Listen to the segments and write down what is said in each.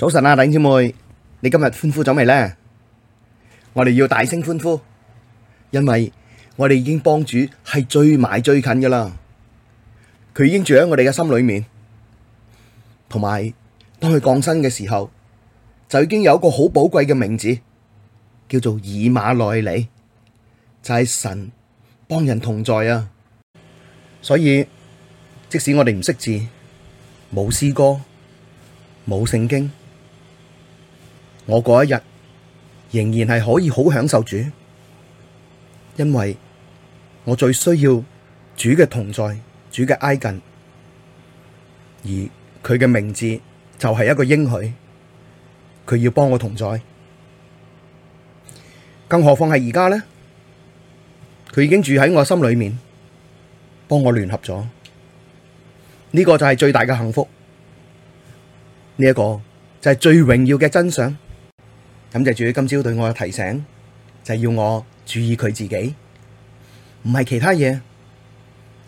早晨啊，弟兄姐妹，你今日歡呼咗未呢？我哋要大聲歡呼，因為我哋已經幫主係最埋最近噶啦，佢已經住喺我哋嘅心裏面，同埋當佢降生嘅時候，就已經有一個好寶貴嘅名字，叫做以馬內利，就係、是、神幫人同在啊！所以即使我哋唔識字，冇詩歌，冇聖經。我嗰一日仍然係可以好享受主，因為我最需要主嘅同在、主嘅挨近，而佢嘅名字就係一個應許，佢要幫我同在。更何況係而家呢？佢已經住喺我心裏面，幫我聯合咗，呢個就係最大嘅幸福，呢一個就係最榮耀嘅真相。感謝主今朝對我嘅提醒，就係要我注意佢自己，唔係其他嘢，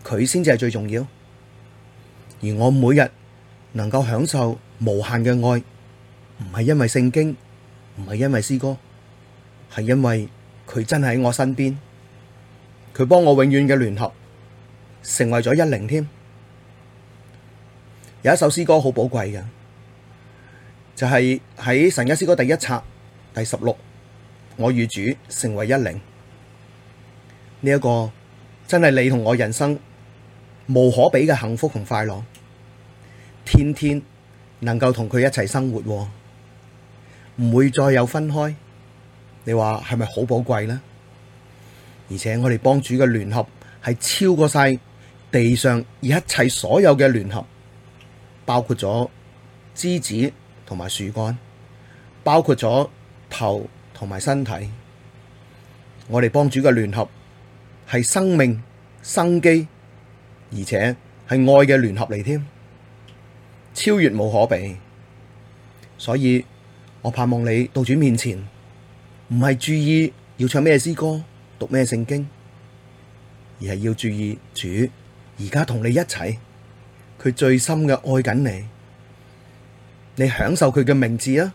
佢先至係最重要。而我每日能夠享受無限嘅愛，唔係因為聖經，唔係因為詩歌，係因為佢真係喺我身邊，佢幫我永遠嘅聯合，成為咗一靈添。有一首詩歌好寶貴嘅，就係喺神一詩歌第一冊。第十六，我與主成為一靈，呢、這、一個真係你同我人生無可比嘅幸福同快樂，天天能夠同佢一齊生活、哦，唔會再有分開。你話係咪好寶貴呢？而且我哋幫主嘅聯合係超過晒地上一切所有嘅聯合，包括咗枝子同埋樹幹，包括咗。頭同埋身體，我哋幫主嘅聯合係生命生機，而且係愛嘅聯合嚟添，超越冇可比。所以我盼望你到主面前，唔係注意要唱咩詩歌、讀咩聖經，而係要注意主而家同你一齊，佢最深嘅愛緊你，你享受佢嘅名字啊！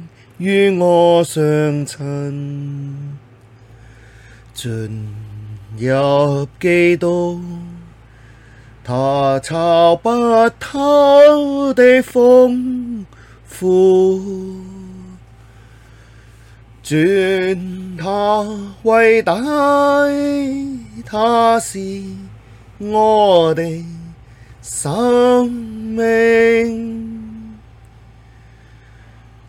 與我相親，進入基督，他測不透的豐富，尊他為大，他是我的生命。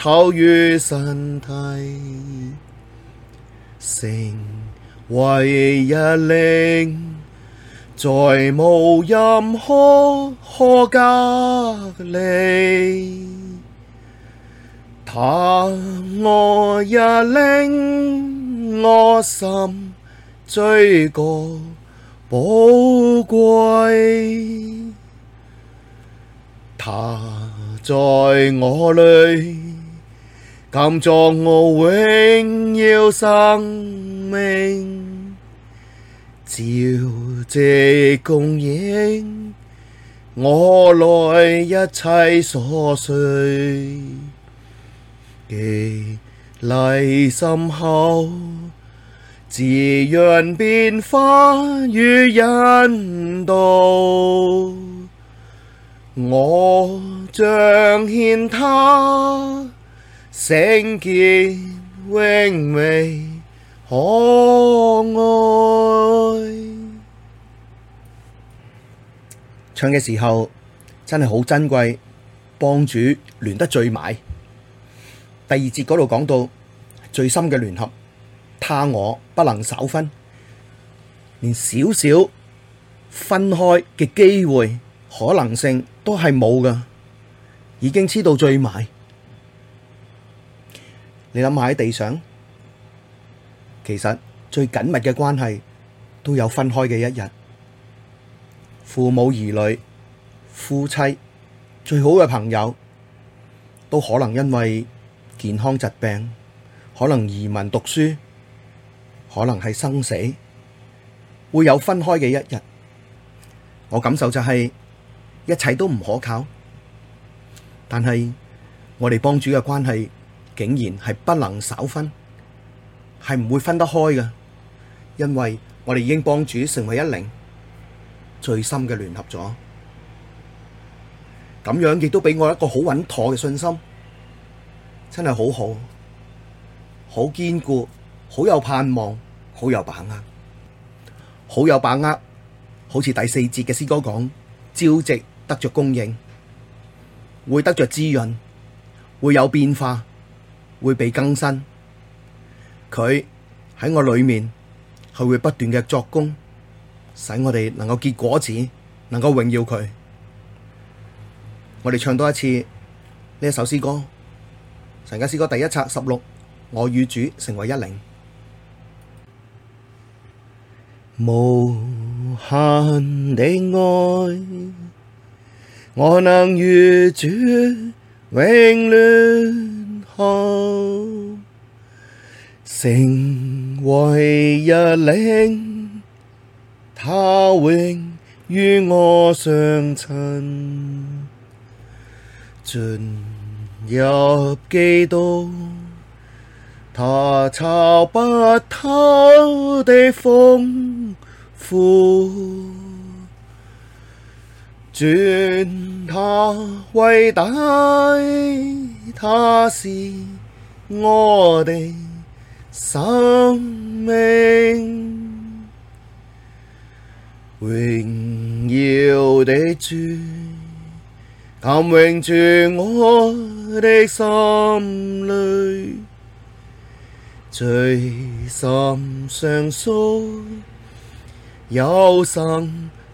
頭與身體，成為一靈，再無任何可隔離。他我一靈，我心最覺寶貴。他在我裏。今作，我榮耀生命，朝夕供應，我內一切所需，激勵深厚，滋潤變化與引導。我彰顯祂。聖潔榮美可愛，唱嘅時候真係好珍貴。幫主聯得最埋，第二節嗰度講到最深嘅聯合，祂我不能稍分，連少少分開嘅機會可能性都係冇㗎，已經黐到最埋。你諗下喺地上，其實最緊密嘅關係都有分開嘅一日。父母兒女、夫妻、最好嘅朋友，都可能因為健康疾病，可能移民讀書，可能係生死，會有分開嘅一日。我感受就係一切都唔可靠，但係我哋幫主嘅關係。竟然係不能稍分，係唔會分得開嘅，因為我哋已經幫主成為一靈，最深嘅聯合咗，咁樣亦都俾我一個好穩妥嘅信心，真係好好，好堅固，好有盼望，好有把握，好有把握，好似第四節嘅詩歌講，朝夕得着供應，會得着滋潤，會有變化。會被更新，佢喺我裏面，佢會不斷嘅作工，使我哋能夠結果子，能夠榮耀佢。我哋唱多一次呢一首詩歌，神家詩歌第一冊十六，我與主成為一靈，無限的愛，我能與主永聯。成為一靈，他永遠與我相親；進入基督，他測不透的豐富。尊祂為大，祂是我的生命，榮耀的主，今永住我的心裡，最深相屬，有神。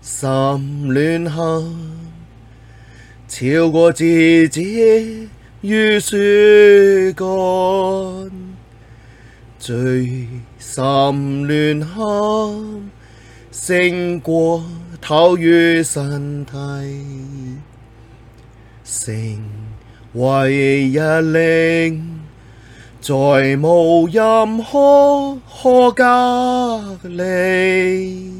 更深聯合，超過枝子與樹幹，最深聯合，勝過頭與身體，成為一靈，再無任何可隔離。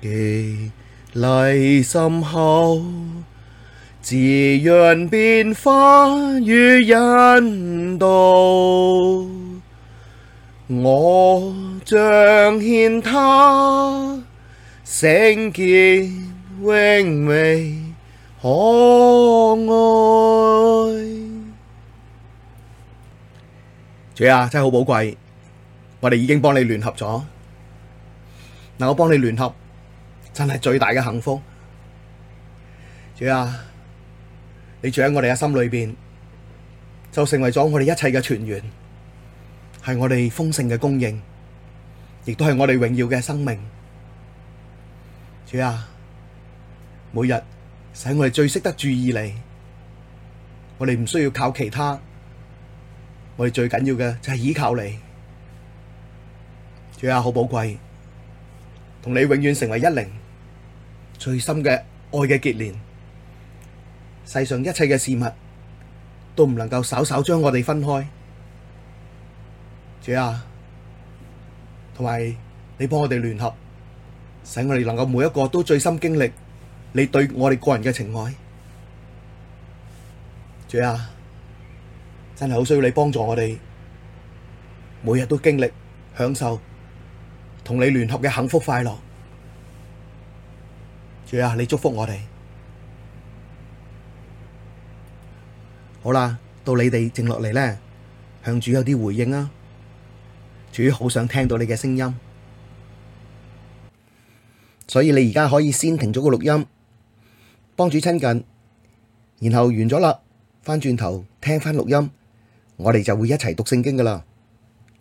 激勵深厚，滋潤、變化與引導。我彰顯祂聖潔榮美可愛。主啊，真係好寶貴，我哋已經幫你聯合咗。嗱，我幫你聯合。真係最大嘅幸福，主啊，你住喺我哋嘅心裏邊，就成為咗我哋一切嘅泉源，係我哋豐盛嘅供應，亦都係我哋榮耀嘅生命。主啊，每日使我哋最識得注意你，我哋唔需要靠其他，我哋最緊要嘅就係依靠你。主啊，好寶貴，同你永遠成為一靈。最深嘅愛嘅結連，世上一切嘅事物都唔能夠稍稍將我哋分開，主啊，同埋你幫我哋聯合，使我哋能夠每一個都最深經歷你對我哋個人嘅情愛，主啊，真係好需要你幫助我哋，每日都經歷享受同你聯合嘅幸福快樂。主啊，你祝福我哋好啦，到你哋靜落嚟咧，向主有啲回應啊！主好想聽到你嘅聲音，所以你而家可以先停咗個錄音，幫主親近，然後完咗啦，翻轉頭聽翻錄音，我哋就會一齊讀聖經噶啦。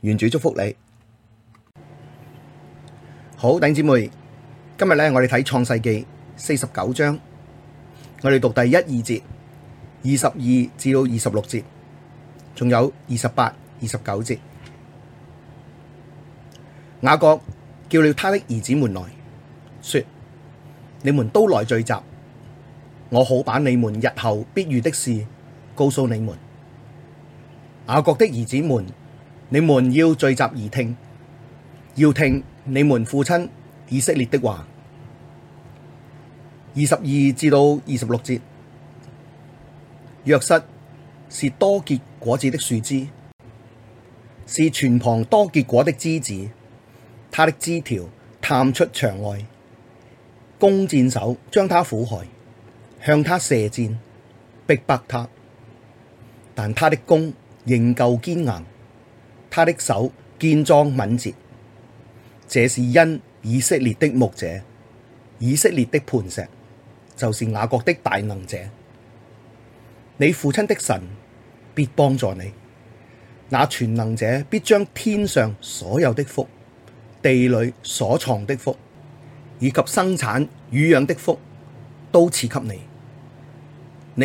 願主祝福你，好，弟兄姊妹，今日咧我哋睇創世記。四十九章，我哋讀第一二節，二十二至到二十六節，仲有二十八、二十九節。雅各叫了他的兒子們來，說：你們都來聚集，我好把你們日後必遇的事告訴你們。雅各的兒子們，你們要聚集而聽，要聽你們父親以色列的話。二十二至到二十六節，約瑟是多結果子的樹枝，是泉旁多結果的枝子。他的枝條探出牆外，弓箭手將他苦害，向他射箭，逼迫他。但他的弓仍舊堅硬，他的手健壯敏捷。這是因以色列的牧者，以色列的磐石。就是雅各的大能者，你父親的神必幫助你。那全能者必將天上所有的福、地裡所藏的福，以及生產、乳養的福，都賜給你。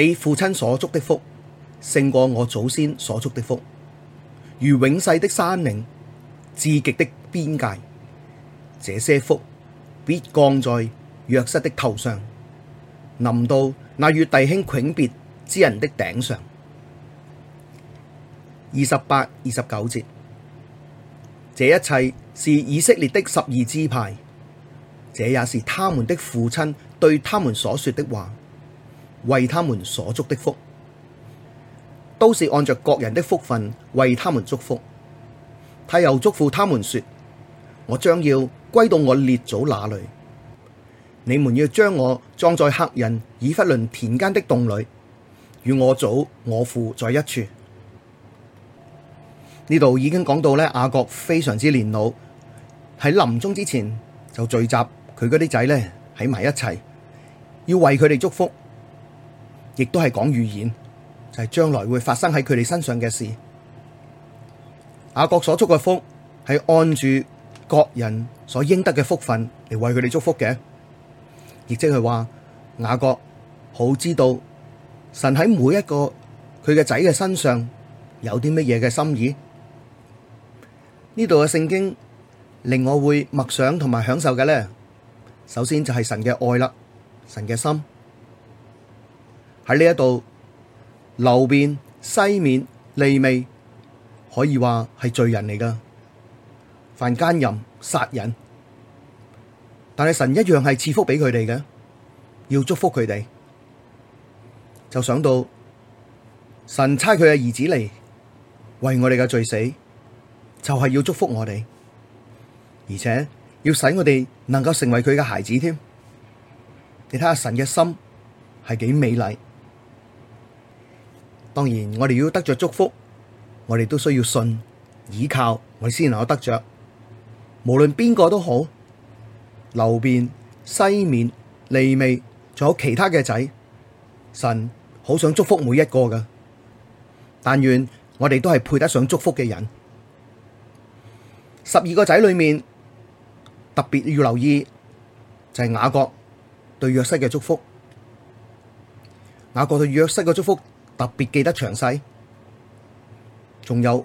你父親所祝的福勝過我祖先所祝的福，如永世的山嶺、至極的邊界。這些福必降在約瑟的頭上。臨到那與弟兄迥別之人的頂上，二十八、二十九節，這一切是以色列的十二支派，這也是他們的父親對他們所說的話，為他們所祝的福，都是按着各人的福分為他們祝福。他又囑咐他們說：我將要歸到我列祖那裏。你們要將我葬在赫人以弗倫田間的洞裏，與我祖我父在一處。呢度已經講到咧，雅各非常之年老，喺臨終之前就聚集佢嗰啲仔咧喺埋一齊，要為佢哋祝福，亦都係講預言，就係、是、將來會發生喺佢哋身上嘅事。雅各所祝嘅福係按住各人所應得嘅福分嚟為佢哋祝福嘅。亦即係話，雅各好知道神喺每一個佢嘅仔嘅身上有啲乜嘢嘅心意。呢度嘅聖經令我會默想同埋享受嘅咧。首先就係神嘅愛啦，神嘅心喺呢一度，流便、西面、利未，可以話係罪人嚟噶，犯奸淫、殺人。但係神一樣係賜福俾佢哋嘅，要祝福佢哋，就想到神差佢嘅兒子嚟為我哋嘅罪死，就係要祝福我哋，而且要使我哋能夠成為佢嘅孩子添。你睇下神嘅心係幾美麗。當然，我哋要得着祝福，我哋都需要信、倚靠，我哋先能夠得着。無論邊個都好。流邊、西面、利未，仲有其他嘅仔，神好想祝福每一個嘅。但願我哋都係配得上祝福嘅人。十二個仔裏面特別要留意，就係雅各對約瑟嘅祝福。雅各對約瑟嘅祝福特別記得詳細，仲有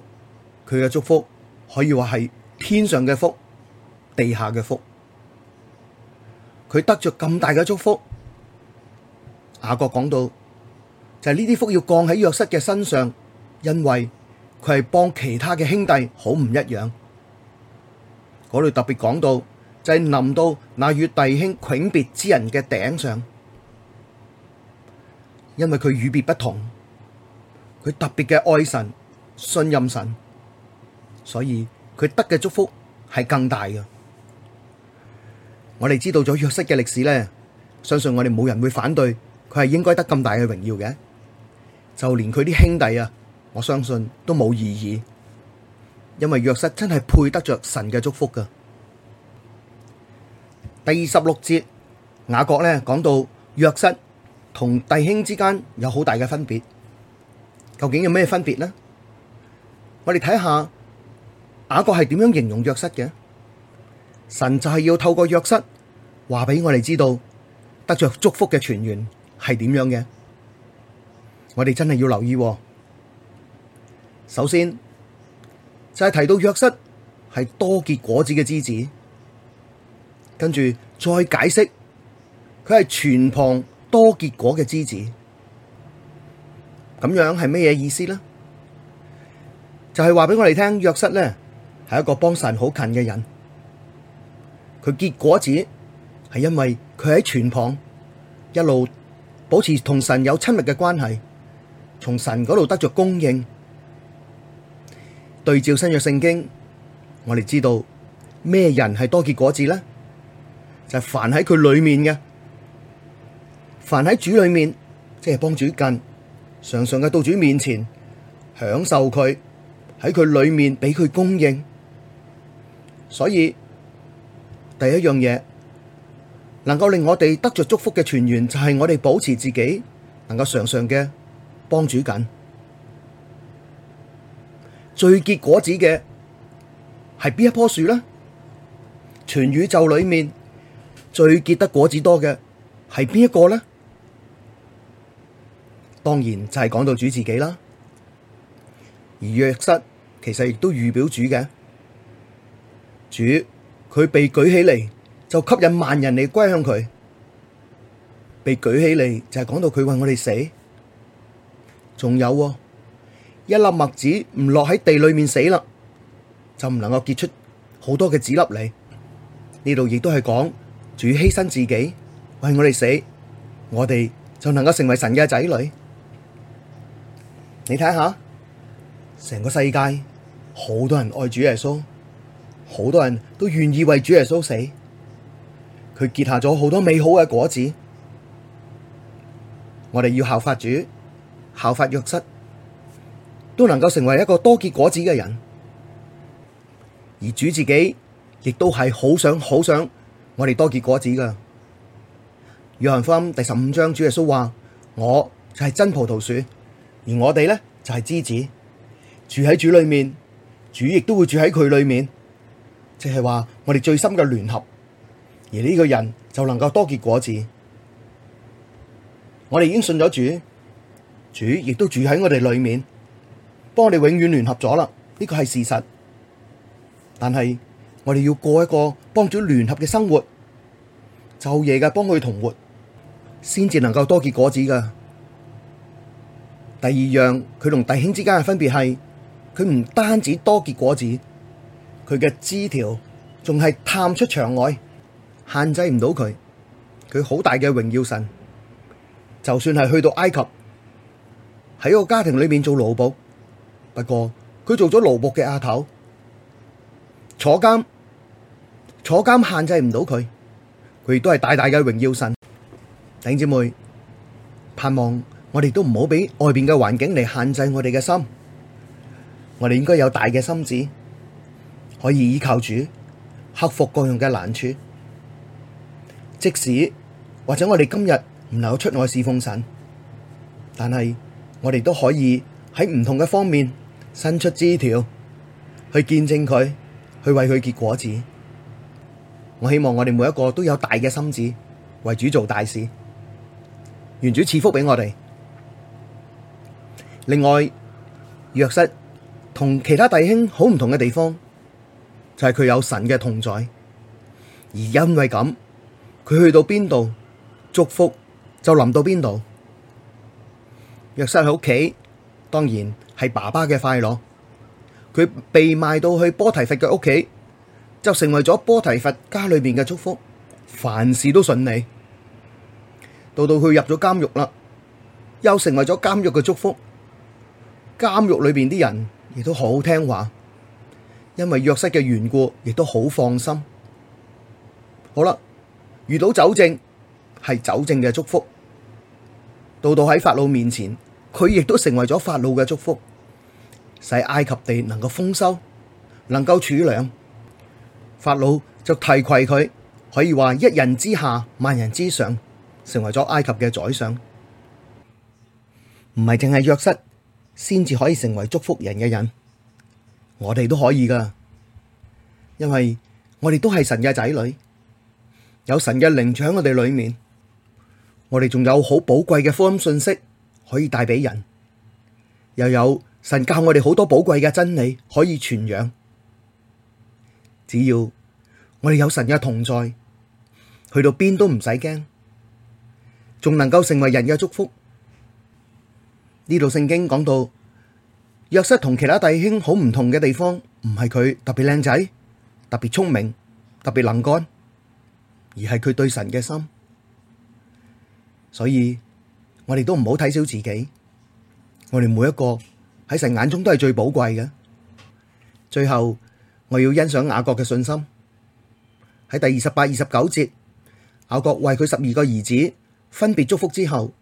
佢嘅祝福可以話係天上嘅福，地下嘅福。佢得著咁大嘅祝福，雅各講到就係呢啲福要降喺約瑟嘅身上，因為佢係幫其他嘅兄弟好唔一樣。嗰度特別講到就係、是、臨到那與弟兄迥別之人嘅頂上，因為佢與別不同，佢特別嘅愛神、信任神，所以佢得嘅祝福係更大嘅。我哋知道咗約瑟嘅歷史咧，相信我哋冇人會反對佢係應該得咁大嘅榮耀嘅。就連佢啲兄弟啊，我相信都冇異議，因為約瑟真係配得着神嘅祝福㗎。第二十六節雅各咧講到約瑟同弟兄之間有好大嘅分別，究竟有咩分別呢？我哋睇下雅各係點樣形容約瑟嘅。神就係要透過約瑟話俾我哋知道得着祝福嘅泉源係點樣嘅。我哋真係要留意。首先就係、是、提到約瑟係多結果子嘅枝子，跟住再解釋佢係泉旁多結果嘅枝子。咁樣係咩嘢意思呢？就係話俾我哋聽，約瑟咧係一個幫神好近嘅人。佢結果子係因為佢喺泉旁一路保持同神有親密嘅關係，從神嗰度得咗供應。對照新約聖經，我哋知道咩人係多結果子咧？就係凡喺佢裏面嘅，凡喺主裏面，即係幫主近，常常嘅到主面前享受佢喺佢裏面俾佢供應，所以。第一樣嘢能夠令我哋得着祝福嘅泉源，就係、是、我哋保持自己能夠常常嘅幫主緊。最結果子嘅係邊一棵樹呢？全宇宙裏面最結得果子多嘅係邊一個呢？當然就係講到主自己啦。而約瑟其實亦都預表主嘅主。佢被舉起嚟，就吸引萬人嚟歸向佢。被舉起嚟就係、是、講到佢為我哋死。仲有一粒麥子唔落喺地裏面死啦，就唔能夠結出好多嘅子粒嚟。呢度亦都係講主犧牲自己為我哋死，我哋就能夠成為神嘅仔女。你睇下，成個世界好多人愛主耶穌。好多人都願意為主耶穌死，佢結下咗好多美好嘅果子。我哋要效法主，效法約瑟，都能夠成為一個多結果子嘅人。而主自己亦都係好想好想我哋多結果子㗎。約翰福音第十五章，主耶穌話：我就係真葡萄樹，而我哋呢就係枝子，住喺主裏面，主亦都會住喺佢裏面。即係話我哋最深嘅聯合，而呢個人就能夠多結果子。我哋已經信咗主，主亦都住喺我哋裏面，幫我哋永遠聯合咗啦。呢個係事實。但係我哋要過一個幫助聯合嘅生活，晝夜嘅幫佢同活，先至能夠多結果子噶。第二樣，佢同弟兄之間嘅分別係，佢唔單止多結果子。佢嘅枝條仲係探出牆外，限制唔到佢。佢好大嘅榮耀神，就算係去到埃及，喺個家庭裏面做奴僕。不過佢做咗奴僕嘅阿頭，坐監，坐監限制唔到佢。佢亦都係大大嘅榮耀神。弟姊妹，盼望我哋都唔好俾外邊嘅環境嚟限制我哋嘅心。我哋應該有大嘅心志。可以依靠主，克服各樣嘅難處。即使或者我哋今日唔能夠出外侍奉神，但係我哋都可以喺唔同嘅方面伸出枝條，去見證佢，去為佢結果子。我希望我哋每一個都有大嘅心志為主做大事，願主賜福俾我哋。另外，約瑟同其他弟兄好唔同嘅地方，就係佢有神嘅同在，而因為咁，佢去到邊度，祝福就臨到邊度。約瑟喺屋企，當然係爸爸嘅快樂。佢被賣到去波提佛嘅屋企，就成為咗波提佛家裏面嘅祝福，凡事都順利。到到佢入咗監獄啦，又成為咗監獄嘅祝福。監獄裏邊啲人亦都好聽話。因為約瑟嘅緣故，亦都好放心。好啦，遇到酒政，係酒政嘅祝福，到到喺法老面前，佢亦都成為咗法老嘅祝福，使埃及地能夠豐收，能夠儲糧。法老就提携佢，可以話一人之下，萬人之上，成為咗埃及嘅宰相。唔係淨係約瑟，先至可以成為祝福人嘅人。我哋都可以噶，因為我哋都係神嘅仔女，有神嘅靈常喺我哋裏面，我哋仲有好寶貴嘅福音信息可以帶俾人，又有神教我哋好多寶貴嘅真理可以傳揚。只要我哋有神嘅同在，去到邊都唔使驚，仲能夠成為人嘅祝福。呢度聖經講到。約瑟同其他弟兄好唔同嘅地方，唔係佢特別靚仔、特別聰明、特別能幹，而係佢對神嘅心。所以我哋都唔好睇小自己，我哋每一個喺神眼中都係最寶貴嘅。最後我要欣賞雅各嘅信心，喺第二十八、二十九節，雅各為佢十二個兒子分別祝福之後，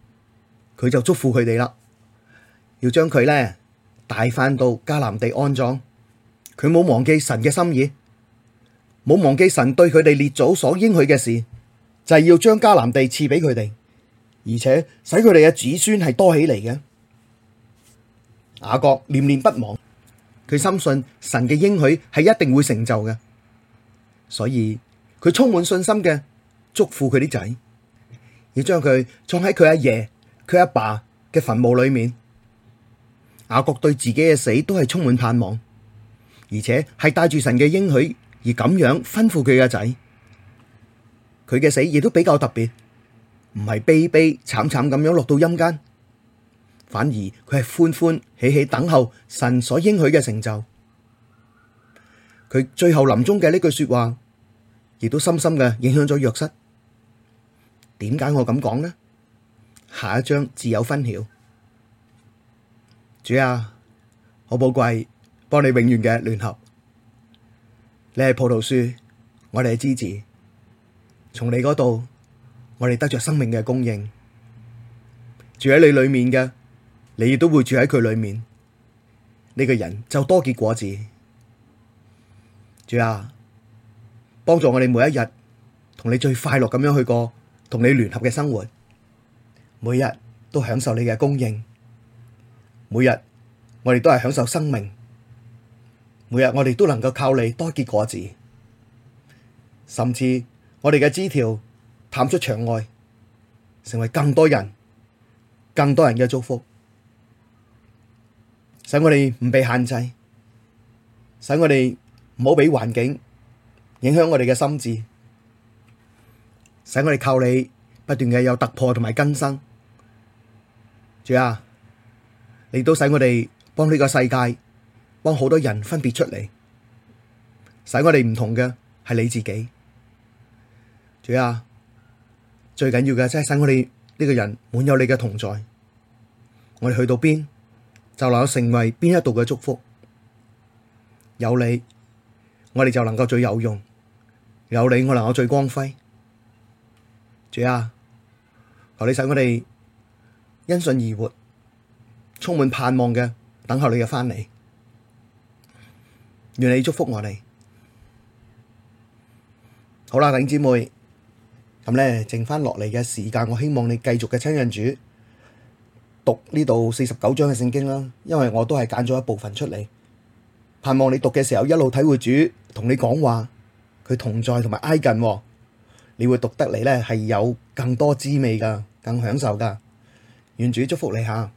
佢就祝福佢哋啦，要將佢咧。大返到迦南地安葬，佢冇忘記神嘅心意，冇忘記神對佢哋列祖所應許嘅事，就係要將迦南地賜俾佢哋，而且使佢哋嘅子孫係多起嚟嘅。雅各念念不忘，佢深信神嘅應許係一定會成就嘅，所以佢充滿信心嘅祝福佢啲仔，要將佢葬喺佢阿爺、佢阿爸嘅墳墓裏面。雅各對自己嘅死都係充滿盼望，而且係帶住神嘅應許而咁樣吩咐佢嘅仔。佢嘅死亦都比較特別，唔係悲悲慘慘咁樣落到陰間，反而佢係歡歡喜喜等候神所應許嘅成就。佢最後臨終嘅呢句說話，亦都深深嘅影響咗約瑟。點解我咁講呢？下一章自有分曉。主啊，好寶貴，幫你永遠嘅聯合。你係葡萄樹，我哋係枝子，從你嗰度，我哋得着生命嘅供應。住喺你裏面嘅，你亦都會住喺佢裏面。呢、這個人就多結果子。主啊，幫助我哋每一日同你最快樂咁樣去過，同你聯合嘅生活，每日都享受你嘅供應。每日我哋都係享受生命，每日我哋都能夠靠你多結果子，甚至我哋嘅枝條探出牆外，成為更多人，更多人嘅祝福，使我哋唔被限制，使我哋唔好俾環境影響我哋嘅心智，使我哋靠你不斷嘅有突破同埋更新，主啊！你都使我哋幫呢個世界，幫好多人分別出嚟，使我哋唔同嘅係你自己。主啊，最緊要嘅即係使我哋呢個人滿有你嘅同在。我哋去到邊，就能夠成為邊一度嘅祝福。有你，我哋就能夠最有用；有你，我能夠最光輝。主啊，求你使我哋因信而活。充滿盼望嘅，等候你嘅翻嚟，願你祝福我哋。好啦，弟兄姊妹，咁咧，剩翻落嚟嘅時間，我希望你繼續嘅親近主讀呢度四十九章嘅聖經啦。因為我都係揀咗一部分出嚟，盼望你讀嘅時候一路體會主同你講話，佢同在同埋挨近，你會讀得嚟咧係有更多滋味噶，更享受噶。願主祝福你吓。